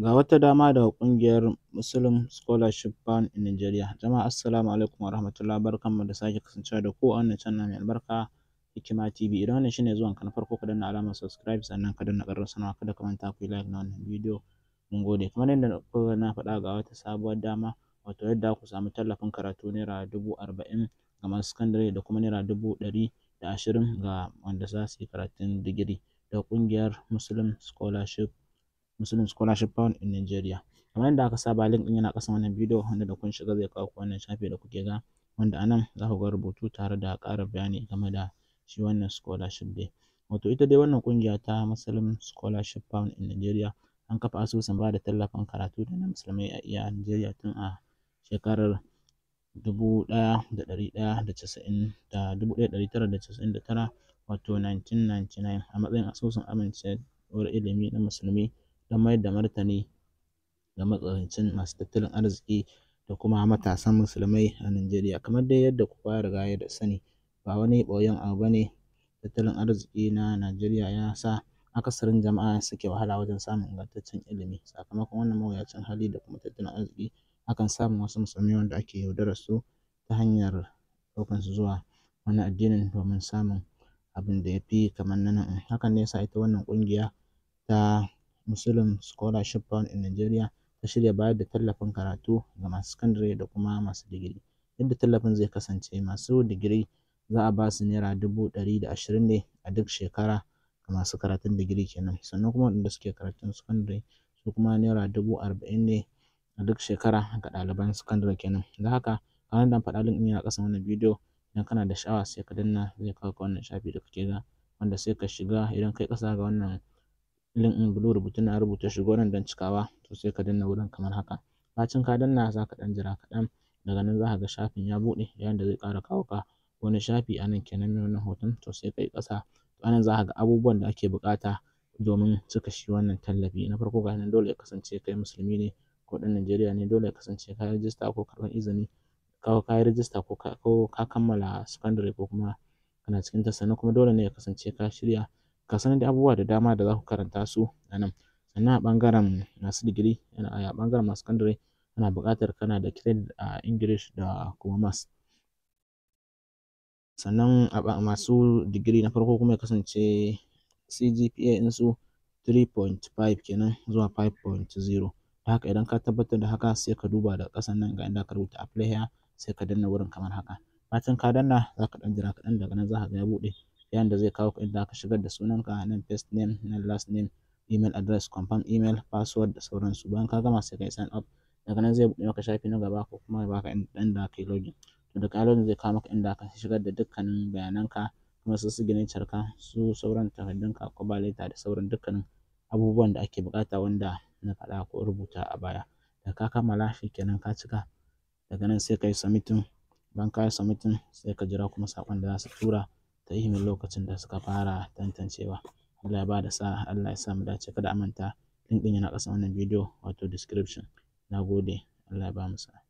Ga wata dama daga ƙungiyar Muslim Scholarship Fund in Nigeria. Jama'a Assalamu alaikum warahmatullahi barkanmu da sake kasancewa da ku a wannan channel mai albarka Hikima TV. Idan wannan shine zuwanka na farko ka danna alamar subscribe sannan ka danna ƙarfin sanarwa kada ka manta ku like na wannan bidiyo. Mun gode. Kamar yadda kuka na faɗa ga wata sabuwar dama wato yadda ku samu tallafin karatu naira dubu arba'in ga masu sakandare da kuma naira dubu ɗari da ashirin ga wanda za su yi karatun digiri daga ƙungiyar Muslim Scholarship Muslim Scholarship Fund in Nigeria. Kamar yadda aka saba link din yana ƙasan wannan bidiyo wanda da kun shiga zai kawo ku wannan shafi da kuke ga wanda a nan za ku ga rubutu tare da ƙarin bayani game da shi wannan scholarship dai. Wato ita dai wannan ƙungiya ta Muslim Scholarship Fund in Nigeria an kafa asusun ba da tallafin karatu da na musulmai a iya Nigeria tun a shekarar dubu ɗaya da ɗari ɗaya da casa'in da dubu ɗaya ɗari tara da casa'in da tara wato 1999 a matsayin asusun amincewar ilimi na musulmi don mayar da martani ga matsanancin masu tattalin arziki da kuma matasan musulmai a Najeriya. Kamar dai yadda kowa ya riga ya sani ba wani ɓoyayyen abu ne. tattalin arziki na Najeriya ya sa akasarin jama'a suke wahala wajen samun ingantaccen ilimi. Sakamakon wannan mawuyacin hali da kuma tattalin arziki akan samu wasu musulmai wanda ake yaudarar su ta hanyar ɗaukan su zuwa wani addinin domin samun abin da ya fi kamar na nan. Hakan ne ya sa ita wannan ƙungiya ta Muslim Scholarship Fund in Nigeria ta shirya bayar da tallafin karatu ga masu sakandire da kuma masu digiri. Yadda tallafin zai kasance, masu digiri za a ba su Naira dubu ɗari da ashirin ne a duk shekara ga masu karatun digiri kenan, sannan kuma waɗanda suke karatun sakandire su kuma Naira dubu arba'in ne a duk shekara ga ɗaliban sakandire kenan. Don haka, kamar yadda na faɗa link ɗin mana ƙasan wannan bidiyo, idan kana da sha'awa sai ka danna zai kawo ka wannan shafi da kake ga wanda sai ka shiga idan kai ƙasa ga wannan link ɗin blue rubutun na rubuta shigo nan don cikawa to sai ka danna wurin kamar haka bacin ka danna za ka dan jira kaɗan daga nan za ka ga shafin ya buɗe yayin da zai ƙara kawo ka wani shafi a nan kenan mai wannan hoton to sai ka ƙasa to anan za ka ga abubuwan da ake buƙata domin cika shi wannan tallafi na farko ga nan dole ya kasance kai musulmi ne ko ɗan Najeriya ne dole ya kasance ka rijista ko karɓar izini ka ka yi rijista ko ka kammala secondary ko kuma kana cikin ta sannan kuma dole ne ya kasance ka shirya ka san dai abubuwa da dama da za ku karanta su a nan sannan a ɓangaren masu digiri a ɓangaren masu kandare ana buƙatar kana da credit a English da kuma Maths sannan a masu digiri na farko kuma ya kasance CGPA su 3.5 kenan zuwa 5.0 da haka idan ka tabbatar da haka sai ka duba da ƙasan nan ga inda ka rubuta apply here sai ka danna wurin kamar haka fatan ka danna za ka ɗan jira kaɗan daga nan za ka ga ya buɗe yanda zai kawo ka inda ka shigar da sunanka nan first name nan last name email address confirm email password da sauransu bayan ka gama sai ka yi sign up daga nan zai buɗe maka shafi na gaba ko kuma ya baka inda ka yi login to da ka login zai kawo maka inda ka shigar da dukkanin bayananka kuma su signature su sauran takardunka cover letter da sauran dukkanin abubuwan da ake bukata wanda na faɗa ko rubuta a baya da ka kammala shi kenan ka cika daga nan sai ka yi submitting bayan ka yi submitting sai ka jira kuma sakon da za su tura ta min lokacin da suka fara tantancewa. Allah ya ba da sa Allah ya sa mu dace. Kada a manta link din yana ƙasa wannan bidiyo wato description. Na gode, Allah ya ba mu sa'a.